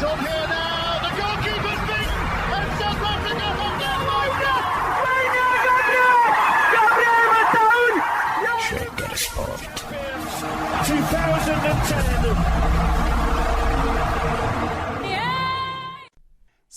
He's up here.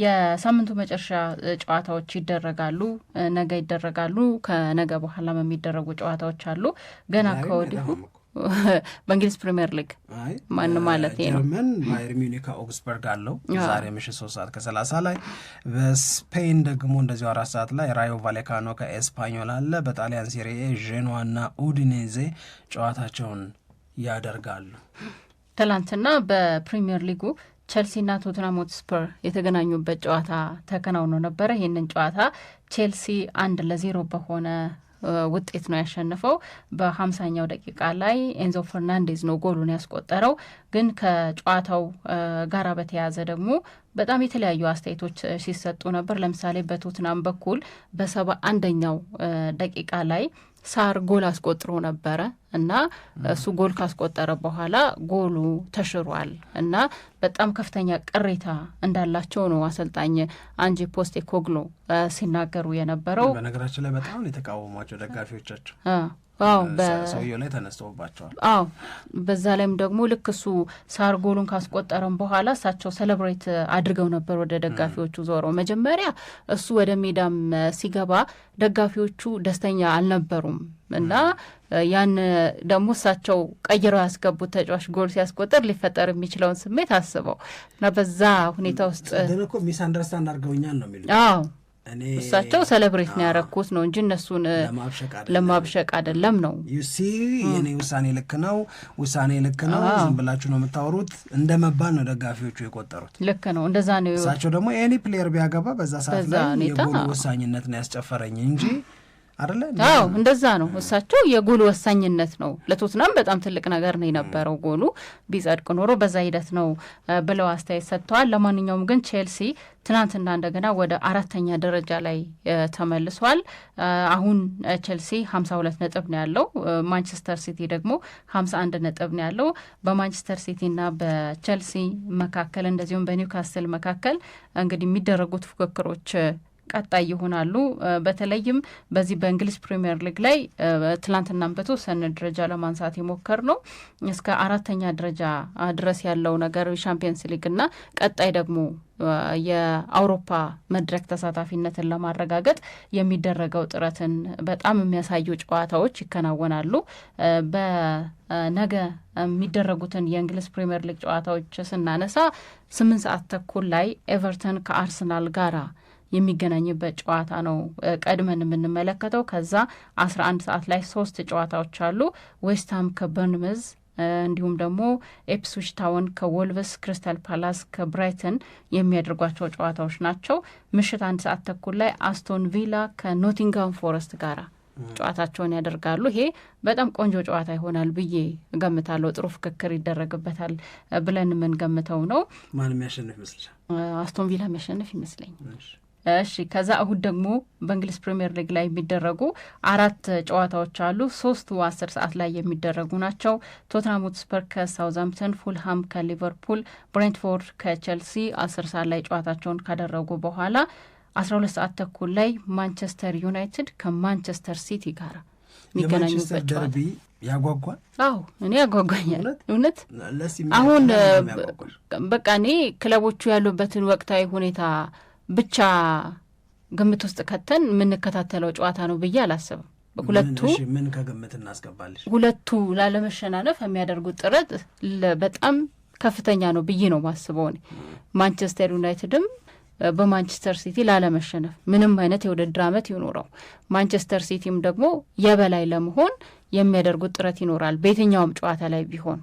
የሳምንቱ መጨረሻ ጨዋታዎች ይደረጋሉ። ነገ ይደረጋሉ። ከነገ በኋላም የሚደረጉ ጨዋታዎች አሉ። ገና ከወዲሁ በእንግሊዝ ፕሪምየር ሊግ ማን ማለት ነው? ጀርመን ባየር ሚኒክ ከአውግስበርግ አለው ዛሬ ምሽት ሶስት ሰዓት ከሰላሳ ላይ። በስፔን ደግሞ እንደዚሁ አራት ሰዓት ላይ ራዮ ቫሌካኖ ከኤስፓኞል አለ። በጣሊያን ሴሪኤ ዤኖዋ እና ኡዲኔዜ ጨዋታቸውን ያደርጋሉ። ትላንትና በፕሪምየር ሊጉ ቸልሲና ቶትናም ሆትስፐር የተገናኙበት ጨዋታ ተከናውኖ ነበረ። ይህንን ጨዋታ ቼልሲ አንድ ለዜሮ በሆነ ውጤት ነው ያሸነፈው። በሀምሳኛው ደቂቃ ላይ ኤንዞ ፈርናንዴዝ ነው ጎሉን ያስቆጠረው። ግን ከጨዋታው ጋራ በተያያዘ ደግሞ በጣም የተለያዩ አስተያየቶች ሲሰጡ ነበር። ለምሳሌ በቶትናም በኩል በሰባ አንደኛው ደቂቃ ላይ ሳር ጎል አስቆጥሮ ነበረ እና እሱ ጎል ካስቆጠረ በኋላ ጎሉ ተሽሯል እና በጣም ከፍተኛ ቅሬታ እንዳላቸው ነው አሰልጣኝ አንጂ ኮግሎ ሲናገሩ የነበረው። በነገራችን ላይ በጣም የተቃወሟቸው ደጋፊዎቻቸው ሰውየው ላይ ተነስተውባቸዋል። አዎ በዛ ላይም ደግሞ ልክ እሱ ሳር ጎሉን ካስቆጠረም በኋላ እሳቸው ሰለብሬት አድርገው ነበር ወደ ደጋፊዎቹ ዞረው። መጀመሪያ እሱ ወደ ሜዳም ሲገባ ደጋፊዎቹ ደስተኛ አልነበሩም እና ያን ደግሞ እሳቸው ቀይረው ያስገቡት ተጫዋች ጎል ሲያስቆጥር ሊፈጠር የሚችለውን ስሜት አስበው እና በዛ ሁኔታ ውስጥ ሚስ አንደርስታንድ አድርገውኛል ነው የሚሉት እሳቸው ሰለብሬት ነው ያረኩት ነው እንጂ እነሱን ለማብሸቅ አይደለም። ነው ዩሲ የኔ ውሳኔ ልክ ነው፣ ውሳኔ ልክ ነው፣ ዝም ብላችሁ ነው የምታወሩት እንደ መባል ነው ደጋፊዎቹ የቆጠሩት። ልክ ነው፣ እንደዛ ነው። እሳቸው ደግሞ ኤኒ ፕሌየር ቢያገባ በዛ ሰዓት ላይ የጎል ወሳኝነት ነው ያስጨፈረኝ እንጂ አደለ? አዎ እንደዛ ነው። እሳቸው የጎል ወሳኝነት ነው ለቶትናም በጣም ትልቅ ነገር ነው የነበረው ጎሉ ቢጸድቅ ኖሮ በዛ ሂደት ነው ብለው አስተያየት ሰጥተዋል። ለማንኛውም ግን ቼልሲ ትናንትና እንደገና ወደ አራተኛ ደረጃ ላይ ተመልሷል። አሁን ቼልሲ ሀምሳ ሁለት ነጥብ ነው ያለው። ማንቸስተር ሲቲ ደግሞ ሀምሳ አንድ ነጥብ ነው ያለው። በማንቸስተር ሲቲና በቼልሲ መካከል እንደዚሁም በኒውካስትል መካከል እንግዲህ የሚደረጉት ፉክክሮች ቀጣይ ይሆናሉ። በተለይም በዚህ በእንግሊዝ ፕሪምየር ሊግ ላይ ትላንትናም በተወሰነ ደረጃ ለማንሳት የሞከር ነው እስከ አራተኛ ደረጃ ድረስ ያለው ነገር ሻምፒየንስ ሊግ እና ቀጣይ ደግሞ የአውሮፓ መድረክ ተሳታፊነትን ለማረጋገጥ የሚደረገው ጥረትን በጣም የሚያሳዩ ጨዋታዎች ይከናወናሉ። በነገ የሚደረጉትን የእንግሊዝ ፕሪምየር ሊግ ጨዋታዎች ስናነሳ ስምንት ሰዓት ተኩል ላይ ኤቨርተን ከአርሰናል ጋራ የሚገናኝበት ጨዋታ ነው ቀድመን የምንመለከተው። ከዛ አስራ አንድ ሰዓት ላይ ሶስት ጨዋታዎች አሉ። ዌስትሃም ከበርንመዝ እንዲሁም ደግሞ ኤፕስዊች ታውን ከወልቭስ፣ ክሪስታል ፓላስ ከብራይተን የሚያደርጓቸው ጨዋታዎች ናቸው። ምሽት አንድ ሰዓት ተኩል ላይ አስቶን ቪላ ከኖቲንጋም ፎረስት ጋራ ጨዋታቸውን ያደርጋሉ። ይሄ በጣም ቆንጆ ጨዋታ ይሆናል ብዬ እገምታለሁ። ጥሩ ፍክክር ይደረግበታል ብለን የምንገምተው ነው። ማን የሚያሸንፍ ይመስልሻል? አስቶን ቪላ የሚያሸንፍ ይመስለኛል። እሺ ከዛ እሁድ ደግሞ በእንግሊዝ ፕሪምየር ሊግ ላይ የሚደረጉ አራት ጨዋታዎች አሉ። ሶስቱ አስር ሰዓት ላይ የሚደረጉ ናቸው። ቶትናም ሆትስፐር ከሳውዛምፕተን፣ ፉልሃም ከሊቨርፑል፣ ብሬንትፎርድ ከቼልሲ አስር ሰዓት ላይ ጨዋታቸውን ካደረጉ በኋላ አስራ ሁለት ሰዓት ተኩል ላይ ማንቸስተር ዩናይትድ ከማንቸስተር ሲቲ ጋር የሚገናኙበት ጨዋታ ያጓጓል። አዎ እኔ ያጓጓኛል እውነት። አሁን በቃ እኔ ክለቦቹ ያሉበትን ወቅታዊ ሁኔታ ብቻ ግምት ውስጥ ከተን የምንከታተለው ጨዋታ ነው ብዬ አላስብም። ሁለቱ ምን ከግምት እናስገባለች ሁለቱ ላለመሸናነፍ የሚያደርጉት ጥረት በጣም ከፍተኛ ነው ብዬ ነው ማስበው። እኔ ማንቸስተር ዩናይትድም በማንቸስተር ሲቲ ላለመሸነፍ ምንም አይነት የውድድር ዓመት ይኖረው፣ ማንቸስተር ሲቲም ደግሞ የበላይ ለመሆን የሚያደርጉት ጥረት ይኖራል በየትኛውም ጨዋታ ላይ ቢሆን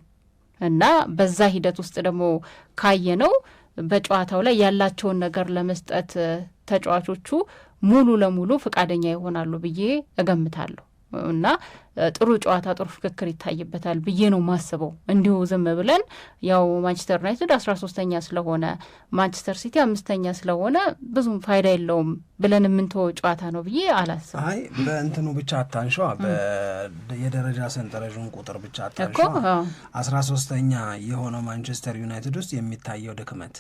እና በዛ ሂደት ውስጥ ደግሞ ካየ ነው በጨዋታው ላይ ያላቸውን ነገር ለመስጠት ተጫዋቾቹ ሙሉ ለሙሉ ፈቃደኛ ይሆናሉ ብዬ እገምታለሁ። እና ጥሩ ጨዋታ ጥሩ ፍክክር ይታይበታል ብዬ ነው ማስበው። እንዲሁ ዝም ብለን ያው ማንቸስተር ዩናይትድ አስራ ሶስተኛ ስለሆነ ማንቸስተር ሲቲ አምስተኛ ስለሆነ ብዙም ፋይዳ የለውም ብለን የምንተወ ጨዋታ ነው ብዬ አላስብም። አይ በእንትኑ ብቻ አታንሸዋ፣ የደረጃ ሰንጠረዥን ቁጥር ብቻ አታንሸዋ። አስራ ሶስተኛ የሆነው ማንቸስተር ዩናይትድ ውስጥ የሚታየው ድክመት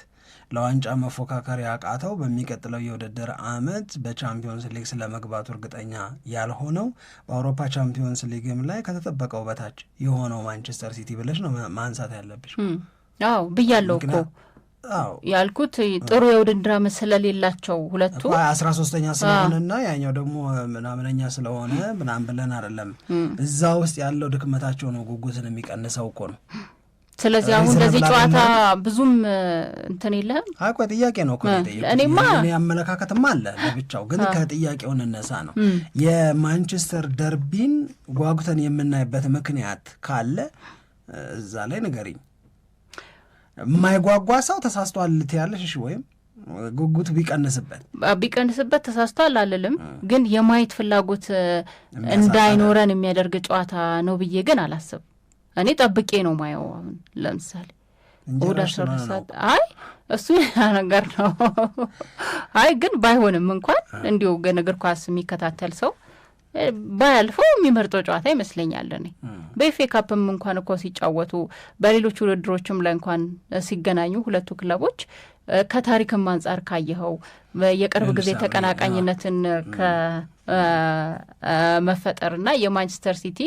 ለዋንጫ መፎካከር ያቃተው በሚቀጥለው የውድድር ዓመት በቻምፒዮንስ ሊግ ስለመግባቱ እርግጠኛ ያልሆነው በአውሮፓ ቻምፒዮንስ ሊግም ላይ ከተጠበቀው በታች የሆነው ማንቸስተር ሲቲ ብለሽ ነው ማንሳት ያለብሽ። አዎ ብያለሁ እኮ ያልኩት ጥሩ የውድድር ዓመት ስለሌላቸው ሁለቱ አስራ ሶስተኛ ስለሆነና ያኛው ደግሞ ምናምነኛ ስለሆነ ምናምን ብለን አይደለም። እዛ ውስጥ ያለው ድክመታቸው ነው ጉጉትን የሚቀንሰው እኮ ነው። ስለዚህ አሁን እንደዚህ ጨዋታ ብዙም እንትን የለህም? አቆ ጥያቄ ነው እኔማ አመለካከትም አለ ለብቻው ግን ከጥያቄው እንነሳ ነው። የማንቸስተር ደርቢን ጓጉተን የምናይበት ምክንያት ካለ እዛ ላይ ንገሪኝ። የማይጓጓ ሰው ተሳስቷል ትያለሽ? እሺ ወይም ጉጉት ቢቀንስበት ቢቀንስበት ተሳስቷል አልልም፣ ግን የማየት ፍላጎት እንዳይኖረን የሚያደርግ ጨዋታ ነው ብዬ ግን አላስብ እኔ ጠብቄ ነው ማየው። አሁን ለምሳሌ ወደ ሰዓት አይ እሱ ነገር ነው። አይ ግን ባይሆንም እንኳን እንዲሁ ግን እግር ኳስ የሚከታተል ሰው ባያልፈው የሚመርጠው ጨዋታ ይመስለኛል። እኔ በኤፍ ካፕም እንኳን እኮ ሲጫወቱ በሌሎች ውድድሮችም ላይ እንኳን ሲገናኙ ሁለቱ ክለቦች ከታሪክም አንጻር ካየኸው የቅርብ ጊዜ ተቀናቃኝነትን መፈጠርና የማንቸስተር ሲቲ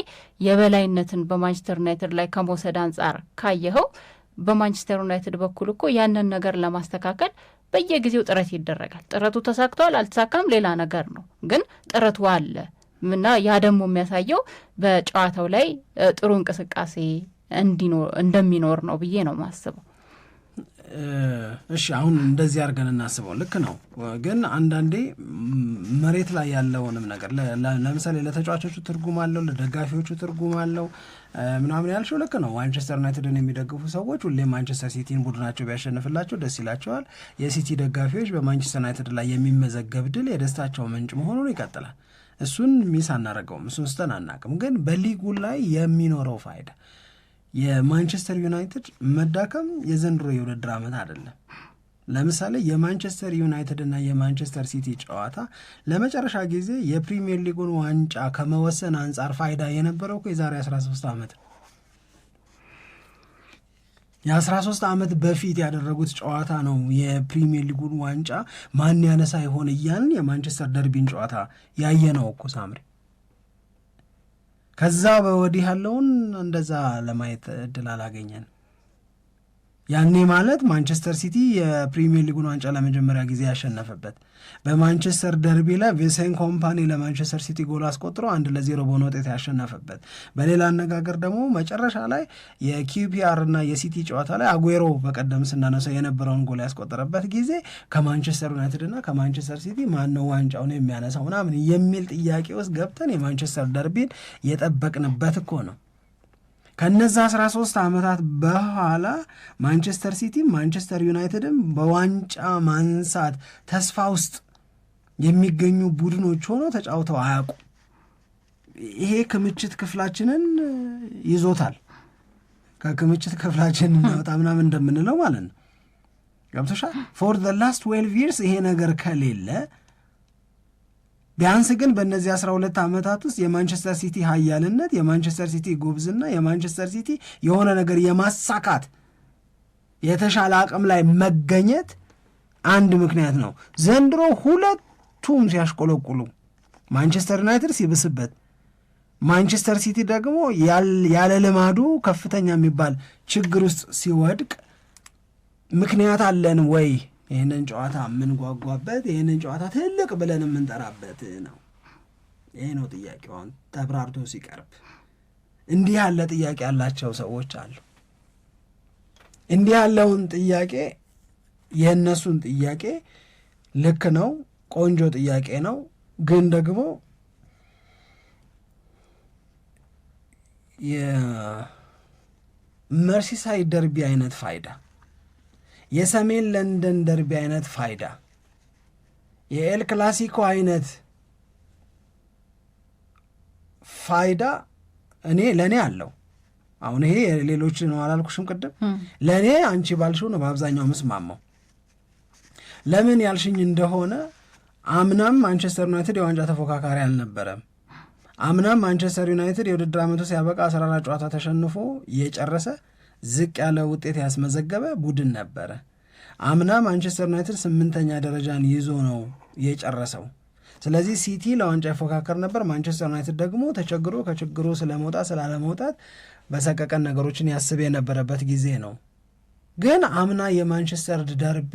የበላይነትን በማንቸስተር ዩናይትድ ላይ ከመውሰድ አንጻር ካየኸው በማንቸስተር ዩናይትድ በኩል እኮ ያንን ነገር ለማስተካከል በየጊዜው ጥረት ይደረጋል። ጥረቱ ተሳክቷል አልተሳካም ሌላ ነገር ነው፣ ግን ጥረቱ አለ እና ያ ደግሞ የሚያሳየው በጨዋታው ላይ ጥሩ እንቅስቃሴ እንደሚኖር ነው ብዬ ነው ማስበው። እሺ አሁን እንደዚህ አድርገን እናስበው። ልክ ነው፣ ግን አንዳንዴ መሬት ላይ ያለውንም ነገር ለምሳሌ ለተጫዋቾቹ ትርጉም አለው፣ ለደጋፊዎቹ ትርጉም አለው ምናምን ያልሽው ልክ ነው። ማንቸስተር ዩናይትድን የሚደግፉ ሰዎች ሁሌም ማንቸስተር ሲቲን ቡድናቸው ቢያሸንፍላቸው ደስ ይላቸዋል። የሲቲ ደጋፊዎች በማንቸስተር ዩናይትድ ላይ የሚመዘገብ ድል የደስታቸው ምንጭ መሆኑን ይቀጥላል። እሱን ሚስ አናደርገውም፣ እሱን ስተን አናቅም። ግን በሊጉ ላይ የሚኖረው ፋይዳ የማንቸስተር ዩናይትድ መዳከም የዘንድሮ የውድድር ዓመት አይደለም። ለምሳሌ የማንቸስተር ዩናይትድ እና የማንቸስተር ሲቲ ጨዋታ ለመጨረሻ ጊዜ የፕሪሚየር ሊጉን ዋንጫ ከመወሰን አንጻር ፋይዳ የነበረው እኮ የዛሬ 13 ዓመት የ የ13 ዓመት በፊት ያደረጉት ጨዋታ ነው የፕሪሚየር ሊጉን ዋንጫ ማን ያነሳ ይሆን እያልን የማንቸስተር ደርቢን ጨዋታ ያየ ነው እኮ ሳምሪ ከዛ በወዲህ ያለውን እንደዛ ለማየት እድል አላገኘን። ያኔ ማለት ማንቸስተር ሲቲ የፕሪሚየር ሊጉን ዋንጫ ለመጀመሪያ ጊዜ ያሸነፈበት በማንቸስተር ደርቢ ላይ ቬሴን ኮምፓኒ ለማንቸስተር ሲቲ ጎል አስቆጥሮ አንድ ለዜሮ በሆነ ውጤት ያሸነፈበት። በሌላ አነጋገር ደግሞ መጨረሻ ላይ የኪዩፒአር እና የሲቲ ጨዋታ ላይ አጉሮ በቀደም ስናነሳው የነበረውን ጎል ያስቆጠረበት ጊዜ ከማንቸስተር ዩናይትድ እና ከማንቸስተር ሲቲ ማነው ዋንጫውን የሚያነሳው ምናምን የሚል ጥያቄ ውስጥ ገብተን የማንቸስተር ደርቢን የጠበቅንበት እኮ ነው። ከነዛ 13 ዓመታት በኋላ ማንቸስተር ሲቲ ማንቸስተር ዩናይትድም በዋንጫ ማንሳት ተስፋ ውስጥ የሚገኙ ቡድኖች ሆነው ተጫውተው አያውቁም። ይሄ ክምችት ክፍላችንን ይዞታል። ከክምችት ክፍላችን እናወጣ ምናምን እንደምንለው ማለት ነው። ገብቶሻል? ፎር ዘ ላስት ትዌልቭ ይርስ ይሄ ነገር ከሌለ ቢያንስ ግን በእነዚህ 12 ዓመታት ውስጥ የማንቸስተር ሲቲ ሀያልነት፣ የማንቸስተር ሲቲ ጉብዝና፣ የማንቸስተር ሲቲ የሆነ ነገር የማሳካት የተሻለ አቅም ላይ መገኘት አንድ ምክንያት ነው። ዘንድሮ ሁለቱም ሲያሽቆለቁሉ ማንቸስተር ዩናይትድ ሲብስበት፣ ማንቸስተር ሲቲ ደግሞ ያለ ልማዱ ከፍተኛ የሚባል ችግር ውስጥ ሲወድቅ ምክንያት አለን ወይ ይህንን ጨዋታ የምንጓጓበት ይህንን ጨዋታ ትልቅ ብለን የምንጠራበት ነው። ይህ ነው ጥያቄው። አሁን ተብራርቶ ሲቀርብ እንዲህ ያለ ጥያቄ ያላቸው ሰዎች አሉ። እንዲህ ያለውን ጥያቄ የእነሱን ጥያቄ ልክ ነው፣ ቆንጆ ጥያቄ ነው። ግን ደግሞ የመርሲሳይድ ደርቢ አይነት ፋይዳ የሰሜን ለንደን ደርቢ አይነት ፋይዳ የኤል ክላሲኮ አይነት ፋይዳ እኔ ለእኔ አለው። አሁን ይሄ ሌሎች ነው አላልኩሽም ቅድም ለእኔ አንቺ ባልሽው ነው በአብዛኛው ምስማማው። ለምን ያልሽኝ እንደሆነ አምናም ማንቸስተር ዩናይትድ የዋንጫ ተፎካካሪ አልነበረም። አምናም ማንቸስተር ዩናይትድ የውድድር ዓመቱ ሲያበቃ 14 ጨዋታ ተሸንፎ የጨረሰ ዝቅ ያለ ውጤት ያስመዘገበ ቡድን ነበረ። አምና ማንቸስተር ዩናይትድ ስምንተኛ ደረጃን ይዞ ነው የጨረሰው። ስለዚህ ሲቲ ለዋንጫ ይፎካከር ነበር። ማንቸስተር ዩናይትድ ደግሞ ተቸግሮ ከችግሩ ስለመውጣት ስላለመውጣት በሰቀቀን ነገሮችን ያስብ የነበረበት ጊዜ ነው። ግን አምና የማንቸስተር ደርቢ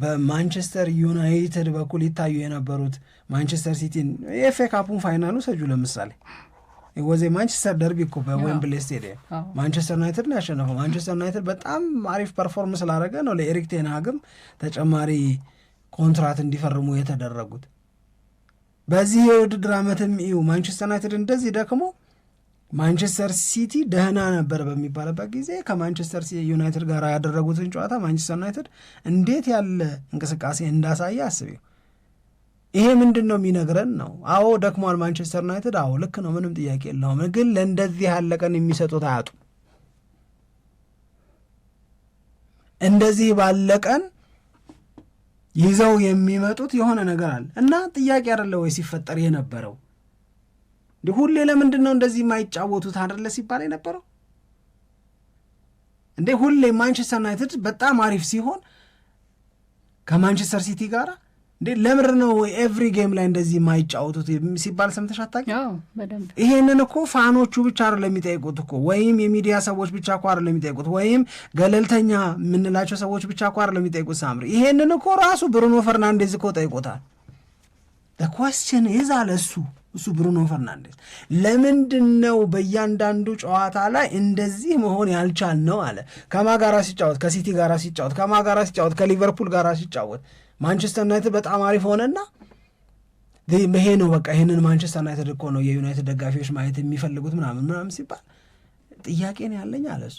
በማንቸስተር ዩናይትድ በኩል ይታዩ የነበሩት ማንቸስተር ሲቲን የኤፍ ኤ ካፑን ፋይናሉ ሰጁ ለምሳሌ ወዜ ማንቸስተር ደርቢ እኮ በዌምብሌ ስቴዲየም ማንቸስተር ዩናይትድ ነው ያሸነፈው። ማንቸስተር ዩናይትድ በጣም አሪፍ ፐርፎርም ስላደረገ ነው ለኤሪክ ቴንሃግም ተጨማሪ ኮንትራት እንዲፈርሙ የተደረጉት። በዚህ የውድድር ዓመትም እዩ ማንቸስተር ዩናይትድ እንደዚህ ደክሞ ማንቸስተር ሲቲ ደህና ነበር በሚባልበት ጊዜ ከማንቸስተር ዩናይትድ ጋር ያደረጉትን ጨዋታ ማንቸስተር ዩናይትድ እንዴት ያለ እንቅስቃሴ እንዳሳየ አስቢው። ይሄ ምንድን ነው የሚነግረን ነው። አዎ ደክሟል ማንቸስተር ዩናይትድ፣ አዎ ልክ ነው፣ ምንም ጥያቄ የለውም። ግን ለእንደዚህ ያለ ቀን የሚሰጡት አያጡ እንደዚህ ባለ ቀን ይዘው የሚመጡት የሆነ ነገር አለ እና ጥያቄ አደለ ወይ ሲፈጠር የነበረው እንዲ ሁሌ ለምንድን ነው እንደዚህ የማይጫወቱት አደለ ሲባል የነበረው እንዴ ሁሌ ማንቸስተር ዩናይትድ በጣም አሪፍ ሲሆን ከማንቸስተር ሲቲ ጋር እንዴ ለምር ነው ኤቭሪ ጌም ላይ እንደዚህ የማይጫወቱት ሲባል ሰምተሽ ይሄንን እኮ ፋኖቹ ብቻ ነው ለሚጠይቁት እኮ ወይም የሚዲያ ሰዎች ብቻ እኮ ነው ለሚጠይቁት ወይም ገለልተኛ የምንላቸው ሰዎች ብቻ እኮ ነው ለሚጠይቁት። ሳምሪ ይሄንን እኮ ራሱ ብሩኖ ፈርናንዴዝ እኮ ጠይቆታል። ኳስችን ይዛ ለሱ እሱ ብሩኖ ፈርናንዴዝ ለምንድን ነው በእያንዳንዱ ጨዋታ ላይ እንደዚህ መሆን ያልቻል ነው አለ። ከማ ጋራ ሲጫወት፣ ከሲቲ ጋራ ሲጫወት፣ ከማ ጋራ ሲጫወት፣ ከሊቨርፑል ጋራ ሲጫወት ማንቸስተር ዩናይትድ በጣም አሪፍ ሆነና ይሄ ነው በቃ ይህንን ማንቸስተር ዩናይትድ እኮ ነው የዩናይትድ ደጋፊዎች ማየት የሚፈልጉት ምናምን ምናምን ሲባል ጥያቄ ነው ያለኝ አለ እሱ።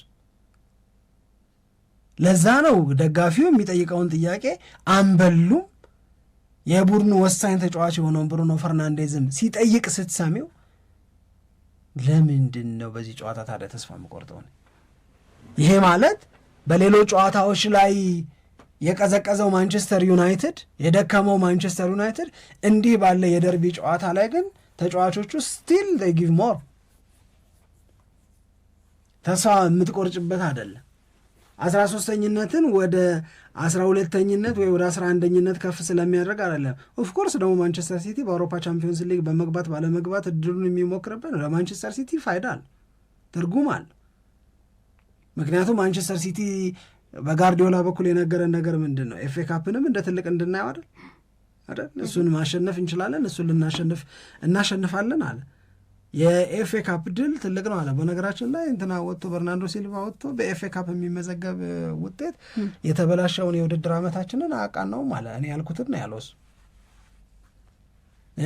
ለዛ ነው ደጋፊው የሚጠይቀውን ጥያቄ አንበሉም የቡድኑ ወሳኝ ተጫዋች የሆነውን ብሩኖ ፈርናንዴዝም ሲጠይቅ ስትሰሚው ለምንድን ነው በዚህ ጨዋታ ታዲያ ተስፋ የምቆርጠው? ይሄ ማለት በሌሎች ጨዋታዎች ላይ የቀዘቀዘው ማንቸስተር ዩናይትድ የደከመው ማንቸስተር ዩናይትድ እንዲህ ባለ የደርቢ ጨዋታ ላይ ግን ተጫዋቾቹ ስቲል ዴይ ጊቭ ሞር ተስፋ የምትቆርጭበት አይደለም። አስራ ሶስተኝነትን ወደ አስራ ሁለተኝነት ወይ ወደ አስራ አንደኝነት ከፍ ስለሚያደርግ አይደለም። ኦፍኮርስ ደግሞ ማንቸስተር ሲቲ በአውሮፓ ቻምፒዮንስ ሊግ በመግባት ባለመግባት እድሉን የሚሞክርበት ነው። ለማንቸስተር ሲቲ ፋይዳ አለ፣ ትርጉም አለ። ምክንያቱም ማንቸስተር ሲቲ በጋርዲዮላ በኩል የነገረን ነገር ምንድን ነው? ኤፌ ካፕንም እንደ ትልቅ እንድናየው አይደል እሱን ማሸነፍ እንችላለን፣ እሱን ልናሸንፍ እናሸንፋለን አለ። የኤፍ ካፕ ድል ትልቅ ነው አለ። በነገራችን ላይ እንትና ወጥቶ በርናንዶ ሲልቫ ወጥቶ በኤፌ ካፕ የሚመዘገብ ውጤት የተበላሸውን የውድድር ዓመታችንን አቃናውም አለ። እኔ ያልኩትን ነው ያለው እሱ።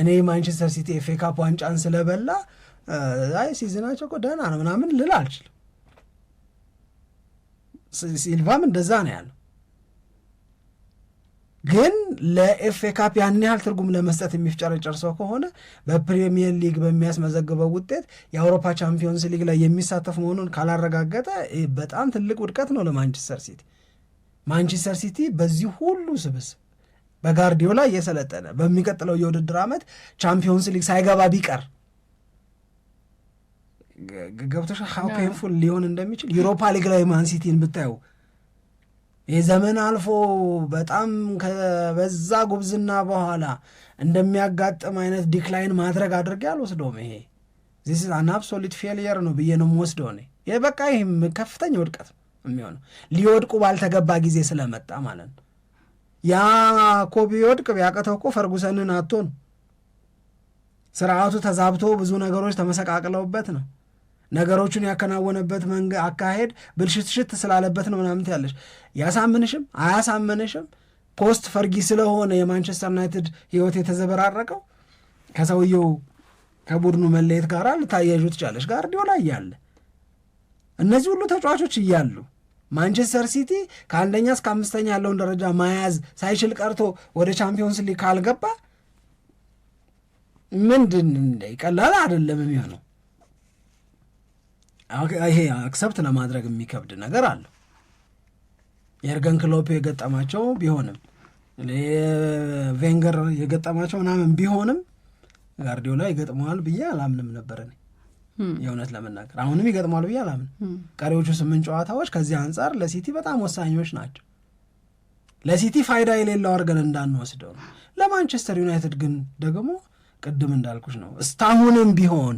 እኔ ማንቸስተር ሲቲ ኤፌ ካፕ ዋንጫን ስለበላ አይ ሲዝናቸው እኮ ደህና ነው ምናምን ልል አልችልም ሲልቫም እንደዛ ነው ያለው። ግን ለኤፍኤ ካፕ ያን ያህል ትርጉም ለመስጠት የሚፍጨረጨር ሰው ከሆነ በፕሪሚየር ሊግ በሚያስመዘግበው ውጤት የአውሮፓ ቻምፒዮንስ ሊግ ላይ የሚሳተፍ መሆኑን ካላረጋገጠ በጣም ትልቅ ውድቀት ነው ለማንቸስተር ሲቲ። ማንቸስተር ሲቲ በዚህ ሁሉ ስብስብ በጋርዲዮላ እየሰለጠነ በሚቀጥለው የውድድር ዓመት ቻምፒዮንስ ሊግ ሳይገባ ቢቀር ገብቶሻል? ሀው ፔንፉል ሊሆን እንደሚችል ዩሮፓ ሊግ ላይ ማንሲቲን ብታየው የዘመን አልፎ በጣም ከበዛ ጉብዝና በኋላ እንደሚያጋጥም አይነት ዲክላይን ማድረግ አድርጌ አልወስደውም። ይሄ ዚስ አን አብሶሊት ፌልየር ነው ብዬ ነው የምወስደው እኔ። በቃ ይህም ከፍተኛ ውድቀት የሚሆነው ሊወድቁ ባልተገባ ጊዜ ስለመጣ ማለት ነው። ያ እኮ ቢወድቅ ቢያቀተው እኮ ፈርጉሰንን አቶ ነው ስርዓቱ ተዛብቶ ብዙ ነገሮች ተመሰቃቅለውበት ነው። ነገሮቹን ያከናወነበት መንገ አካሄድ ብልሽትሽት ስላለበት ነው ምናምን ያለሽ ያሳምንሽም አያሳምንሽም ፖስት ፈርጊ ስለሆነ የማንቸስተር ዩናይትድ ህይወት የተዘበራረቀው ከሰውየው ከቡድኑ መለየት ጋር ልታያዥ ትቻለሽ። ጋርዲዮላ እያለ እነዚህ ሁሉ ተጫዋቾች እያሉ ማንቸስተር ሲቲ ከአንደኛ እስከ አምስተኛ ያለውን ደረጃ መያዝ ሳይችል ቀርቶ ወደ ቻምፒዮንስ ሊግ ካልገባ ምንድን ቀላል አይደለም የሚሆነው። ይሄ አክሰፕት ለማድረግ የሚከብድ ነገር አለው። የኤርገን ክሎፕ የገጠማቸው ቢሆንም ቬንገር የገጠማቸው ምናምን ቢሆንም ጋርዲዮላ ይገጥመዋል ብዬ አላምንም ነበር እኔ የእውነት ለመናገር አሁንም ይገጥመዋል ብዬ አላምንም። ቀሪዎቹ ስምንት ጨዋታዎች ከዚህ አንጻር ለሲቲ በጣም ወሳኞች ናቸው። ለሲቲ ፋይዳ የሌለው አድርገን እንዳንወስደው ነው። ለማንቸስተር ዩናይትድ ግን ደግሞ ቅድም እንዳልኩች ነው እስታሁንም ቢሆን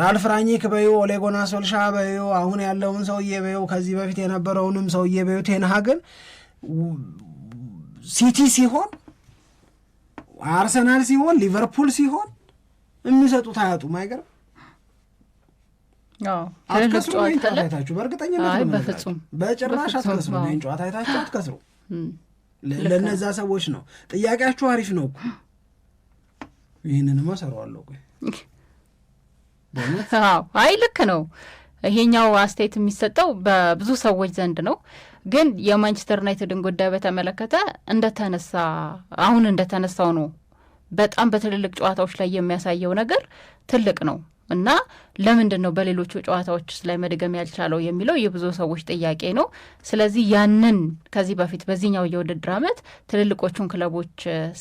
ራልፍ ራኒክ በዩ ኦሌጎና ሶልሻ በዩ አሁን ያለውን ሰውዬ በዩ ከዚህ በፊት የነበረውንም ሰውዬ በዩ ቴንሃግን ሲቲ ሲሆን አርሰናል ሲሆን ሊቨርፑል ሲሆን የሚሰጡት አያጡ አይገርም? አትከስሩ ጨዋታ አይታችሁ በእርግጠኝነት በጭራሽ አትከስሩ። ይህን ጨዋታ አይታችሁ አትከስሩ። ለእነዛ ሰዎች ነው ጥያቄያችሁ። አሪፍ ነው እኮ ይህንንማ እሰራዋለሁ አይ ልክ ነው። ይሄኛው አስተያየት የሚሰጠው በብዙ ሰዎች ዘንድ ነው። ግን የማንቸስተር ዩናይትድን ጉዳይ በተመለከተ እንደተነሳ አሁን እንደተነሳው ነው። በጣም በትልልቅ ጨዋታዎች ላይ የሚያሳየው ነገር ትልቅ ነው እና ለምንድን ነው በሌሎቹ ጨዋታዎች ላይ መድገም ያልቻለው የሚለው የብዙ ሰዎች ጥያቄ ነው። ስለዚህ ያንን ከዚህ በፊት በዚህኛው የውድድር ዓመት ትልልቆቹን ክለቦች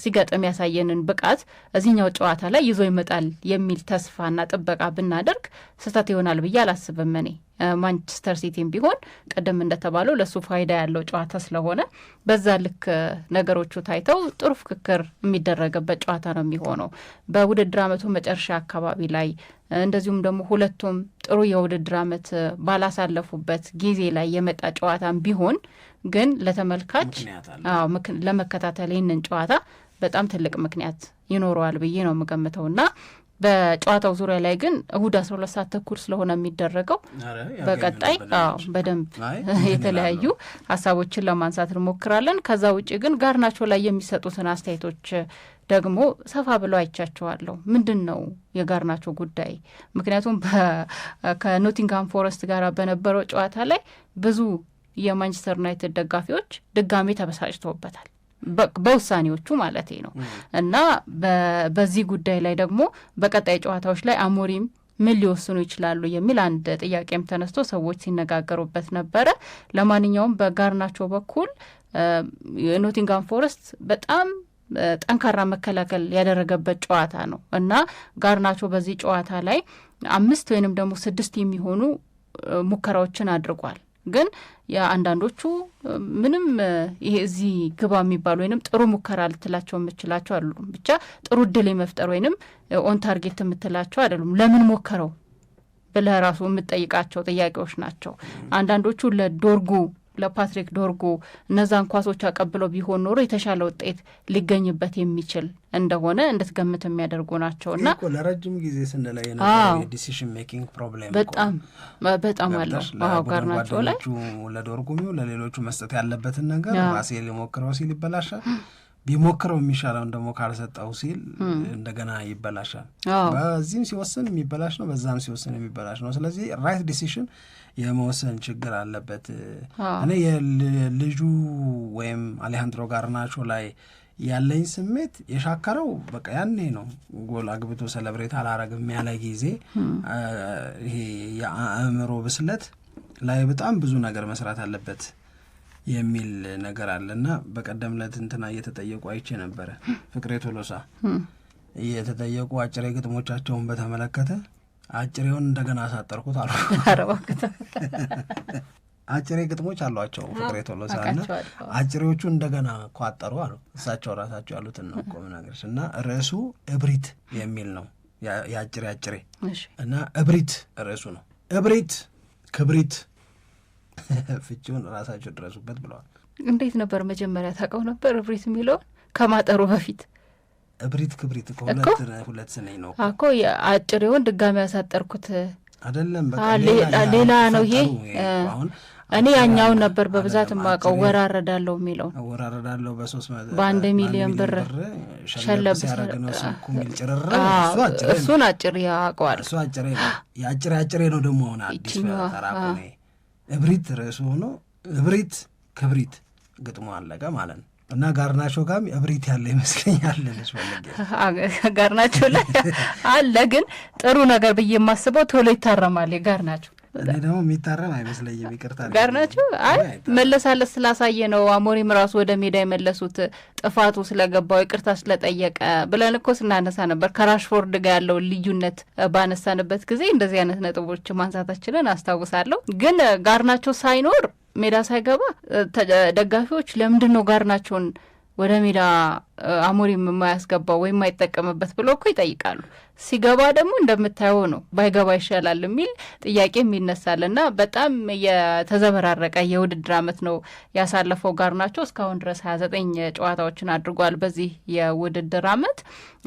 ሲገጥም ያሳየንን ብቃት እዚህኛው ጨዋታ ላይ ይዞ ይመጣል የሚል ተስፋና ጥበቃ ብናደርግ ስህተት ይሆናል ብዬ አላስብም። እኔ ማንቸስተር ሲቲም ቢሆን ቅድም እንደተባለው ለእሱ ፋይዳ ያለው ጨዋታ ስለሆነ በዛ ልክ ነገሮቹ ታይተው ጥሩ ፍክክር የሚደረግበት ጨዋታ ነው የሚሆነው በውድድር ዓመቱ መጨረሻ አካባቢ ላይ እንደዚሁም ደግሞ ሁለቱም ጥሩ የውድድር አመት ባላሳለፉበት ጊዜ ላይ የመጣ ጨዋታም ቢሆን ግን ለተመልካች ለመከታተል ይህንን ጨዋታ በጣም ትልቅ ምክንያት ይኖረዋል ብዬ ነው የምገምተውና በጨዋታው ዙሪያ ላይ ግን እሁድ አስራ ሁለት ሰዓት ተኩል ስለሆነ የሚደረገው በቀጣይ በደንብ የተለያዩ ሀሳቦችን ለማንሳት እንሞክራለን። ከዛ ውጭ ግን ጋርናቾ ላይ የሚሰጡትን አስተያየቶች ደግሞ ሰፋ ብሎ አይቻቸዋለሁ። ምንድን ነው የጋርናቾ ጉዳይ? ምክንያቱም ከኖቲንግሃም ፎረስት ጋር በነበረው ጨዋታ ላይ ብዙ የማንቸስተር ዩናይትድ ደጋፊዎች ድጋሜ ተበሳጭተውበታል። በውሳኔዎቹ ማለት ነው እና በዚህ ጉዳይ ላይ ደግሞ በቀጣይ ጨዋታዎች ላይ አሞሪም ምን ሊወስኑ ይችላሉ የሚል አንድ ጥያቄም ተነስቶ ሰዎች ሲነጋገሩበት ነበረ። ለማንኛውም በጋርናቾ በኩል ኖቲንግሃም ፎረስት በጣም ጠንካራ መከላከል ያደረገበት ጨዋታ ነው እና ጋርናቾ በዚህ ጨዋታ ላይ አምስት ወይንም ደግሞ ስድስት የሚሆኑ ሙከራዎችን አድርጓል። ግን የአንዳንዶቹ ምንም ይሄ እዚህ ግባ የሚባሉ ወይንም ጥሩ ሙከራ ልትላቸው የምችላቸው አይደሉም። ብቻ ጥሩ እድል የመፍጠር ወይንም ኦን ታርጌት የምትላቸው አይደሉም። ለምን ሞከረው ብለህ ራሱ የምጠይቃቸው ጥያቄዎች ናቸው። አንዳንዶቹ ለዶርጉ ለፓትሪክ ዶርጉ እነዛን ኳሶች አቀብለው ቢሆን ኖሮ የተሻለ ውጤት ሊገኝበት የሚችል እንደሆነ እንድትገምት የሚያደርጉ ናቸው እና ለረጅም ጊዜ ስንለይ ዲሲሽን ሜኪንግ ፕሮብሌም በጣም በጣም አለው ጋር ናቸው ላይ ለሌሎቹ መስጠት ያለበትን ነገር ራሴ ሊሞክረው ሲል ይበላሻል ቢሞክረው የሚሻለውን ደግሞ ካልሰጠው ሲል እንደገና ይበላሻል። በዚህም ሲወስን የሚበላሽ ነው፣ በዛም ሲወስን የሚበላሽ ነው። ስለዚህ ራይት ዲሲሽን የመወሰን ችግር አለበት። እኔ የልጁ ወይም አሌሃንድሮ ጋርናቾ ላይ ያለኝ ስሜት የሻከረው በቃ ያኔ ነው። ጎል አግብቶ ሰለብሬት አላረግም ያለ ጊዜ ይሄ የአእምሮ ብስለት ላይ በጣም ብዙ ነገር መስራት አለበት የሚል ነገር አለ በቀደም ዕለት እንትና እየተጠየቁ አይቼ ነበረ ፍቅሬ ቶሎሳ እየተጠየቁ አጭር ግጥሞቻቸውን በተመለከተ አጭሬውን እንደገና አሳጠርኩት አሉ። አጭሬ ግጥሞች አሏቸው ፍቅሬ ቶሎሳ እና አጭሬዎቹ እንደገና ኳጠሩ አሉ። እሳቸው ራሳቸው ያሉትን ነው እኮ የምናገርሽ። እና ርዕሱ እብሪት የሚል ነው። የአጭሬ አጭሬ እና እብሪት ርዕሱ ነው። እብሪት ክብሪት ፍቺውን ራሳቸው ድረሱበት ብለዋል። እንዴት ነበር መጀመሪያ ታውቀው ነበር? እብሪት የሚለውን ከማጠሩ በፊት እብሪት ክብሪት ሁለት ሁለት ስንኝ ነው እኮ አጭሬውን ድጋሚ ያሳጠርኩት አይደለም። ሌላ ነው ይሄ። አሁን እኔ ያኛውን ነበር በብዛት የማውቀው። ወራረዳለሁ የሚለው ወራረዳለሁ በሶስት በአንድ ሚሊዮን ብር ሸለብ እሱን አጭሬ ያውቀዋል። እሱ አጭሬ የአጭር አጭሬ ነው ደግሞ ሆነ አዲስ ተራ እብሪት ርዕሱ ሆኖ እብሪት ክብሪት ግጥሞ አለቀ ማለት ነው። እና ጋርናቾ ጋም እብሪት ያለ ይመስለኛል። ጋርናቾ ላይ አለ፣ ግን ጥሩ ነገር ብዬ የማስበው ቶሎ ይታረማል። ጋርናቾ እኔ ደግሞ የሚታረም አይመስለኝም። ይቅርታ ጋርናቾ አይ መለሳለስ ስላሳየ ነው አሞሪም ራሱ ወደ ሜዳ የመለሱት ጥፋቱ ስለገባው ይቅርታ ስለጠየቀ ብለን እኮ ስናነሳ ነበር። ከራሽፎርድ ጋር ያለውን ልዩነት ባነሳንበት ጊዜ እንደዚህ አይነት ነጥቦች ማንሳታችንን አስታውሳለሁ። ግን ጋርናቾ ሳይኖር ሜዳ ሳይገባ ደጋፊዎች ለምንድን ነው ጋር ናቸውን ወደ ሜዳ አሞሪም የማያስገባው ወይም የማይጠቀምበት ብሎ እኮ ይጠይቃሉ። ሲገባ ደግሞ እንደምታየው ነው። ባይገባ ይሻላል የሚል ጥያቄም ይነሳል እና በጣም የተዘበራረቀ የውድድር ዓመት ነው ያሳለፈው ጋር ናቸው እስካሁን ድረስ ሀያ ዘጠኝ ጨዋታዎችን አድርጓል በዚህ የውድድር አመት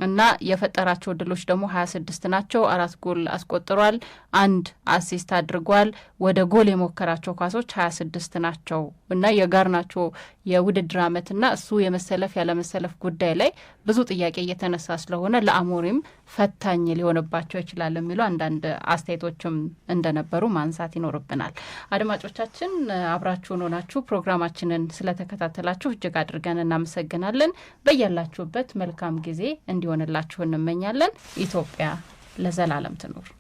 እና የፈጠራቸው ድሎች ደግሞ ሀያ ስድስት ናቸው። አራት ጎል አስቆጥሯል፣ አንድ አሲስት አድርጓል። ወደ ጎል የሞከራቸው ኳሶች ሀያ ስድስት ናቸው እና የጋር ናቸው የውድድር እና እሱ የመሰለፍ ያለመሰለፍ ጉዳይ ላይ ብዙ ጥያቄ እየተነሳ ስለሆነ ለአሞሪም ፈታኝ ሊሆንባቸው ይችላል የሚሉ አንዳንድ አስተያየቶችም እንደነበሩ ማንሳት ይኖርብናል። አድማጮቻችን አብራችሁን ሆናችሁ ፕሮግራማችንን ስለተከታተላችሁ እጅግ አድርገን እናመሰግናለን። በያላችሁበት መልካም ጊዜ እንዲሆንላችሁ እንመኛለን። ኢትዮጵያ ለዘላለም ትኑር።